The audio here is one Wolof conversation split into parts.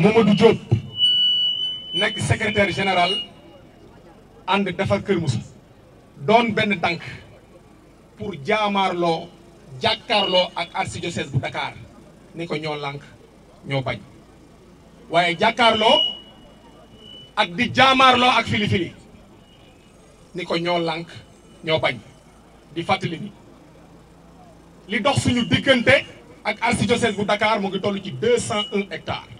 Mamadou Diop nag secretaire général ànd defar Kër doon benn tànk pour jaamaarloo jàkkaarloo ak archidiocèse bu Dakar ni ko ñoo lànk ñoo bañ waaye jàkkaarloo ak di jaamaarloo ak filifili ni ko ñoo lank ñoo bañ di fàttali li dox suñu diggante ak archidiocèse bu Dakar mu gi toll ci deux cent un hectares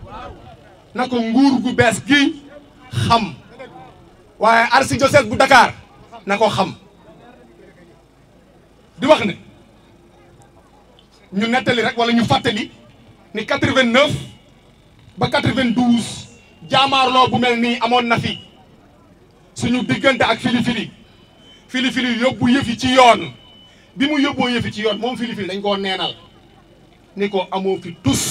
nako nguur gu bees gi xam waaye archidiocèse bu Dakar na ko xam di wax ne ñu nettali rek wala ñu fàttali ni 89 ba 92 jaamaarloo bu mel nii amoon na fi suñu diggante ak filifili filifili yóbbu yëfi ci yoon bi mu yóbboo yëfi ci yoon moom filifili dañ koo neenal ni ko amoo fi tus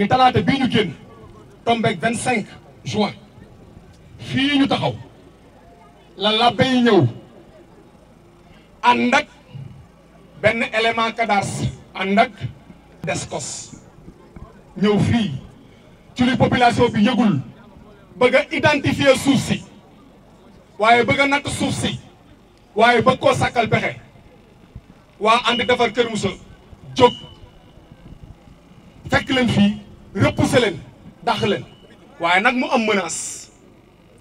ni talaata bii ñu génn tombeeg 25 juin fii ñu taxaw la labbe yi ñëw ànd benn élément cadastre ànd ak descos ñëw fii ci li population bi yëgul bëgg a suuf si waaye bëgg a suuf si waaye bëgg koo sàkkal pexe waa ànd defar Kër Moussa jóg fekk leen fii repousser leen leen waaye nag mu am menace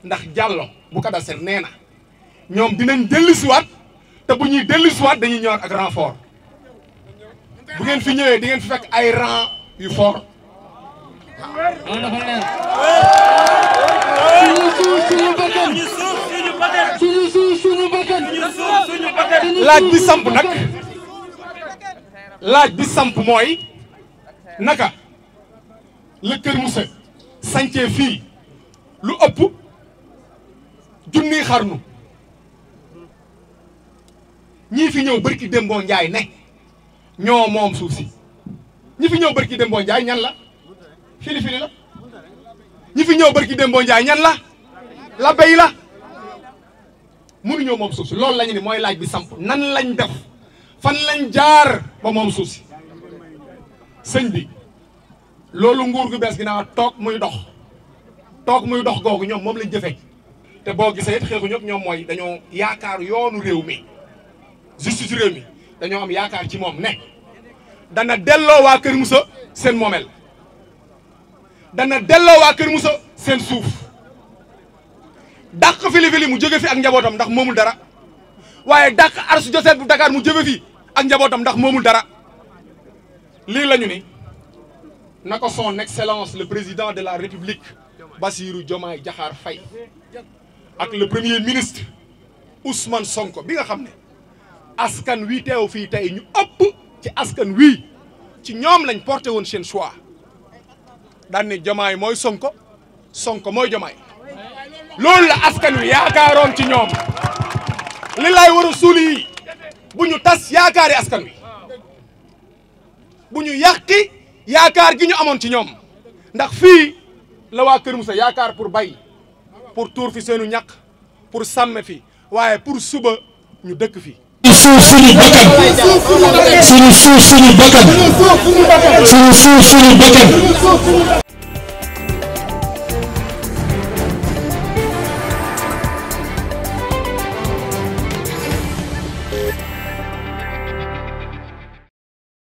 ndax jàlloo bu Cadastre nee na ñoom dinañ dellusiwaat te bu ñuy dellusiwaat dañuy ñëwaat ak renfort bu ngeen fi ñëwee di ngeen fi fekk ay rang yu fort. laaj bi samp nag laaj bi samp mooy naka. le keur musse santé fi lu upp junniy xarnu ñi fi ñew barki Dembo ndjay ne ñoo mom suuf ñi fi ñew barki Dembo ndjay ñan la fili fili la ñi fi ñew barki Dembo ndjay ñan la la bay la mënuñoo moom mom si lool lañ ni moy laaj bi samp nan lañ def fan lañ jaar ba mom suuf señ bi loolu nguur gu bees gi naa toog muy dox toog muy dox googu ñoom moom lañ jëfee te boo gisee it xeexu ñëpp ñoom mooy dañoo yaakaar yoonu réew mi justice réew mi dañoo am yaakaar ci moom ne dana delloo waa Kër Moussa seen moomeel dana delloo waa Kër Moussa seen suuf dàq fili-fili mu jóge fi ak njabootam ndax moomul dara waaye dàq arsu joseph bu Dakar mu jóge fi ak njabootam ndax moomul dara lii lañu ni nako son excellence le président de la république Basirou Diomaye Diakhar Faye ak le premier ministre Ousmane Sonko bi nga xamné askan wi téw fi tay ñu ëpp ci askan wi ci ñom lañ porter won choix dal ni Diomaye moy Sonko Sonko moy Diomaye loolu la askan wi Lila ci ñom li lay war a suuli yaakaari askan wi buñu yaqki yaakaar gi ñu amoon ci ñoom ndax fii la waa Kër mu Moussa yaakaar pour bay pour tuur fi seenu ñàq pour sàmm fi waaye pour suba ñu dëkk fi suuf suñu bakkan suñu suuf suñu bakkan suñu suuf suñu bakkan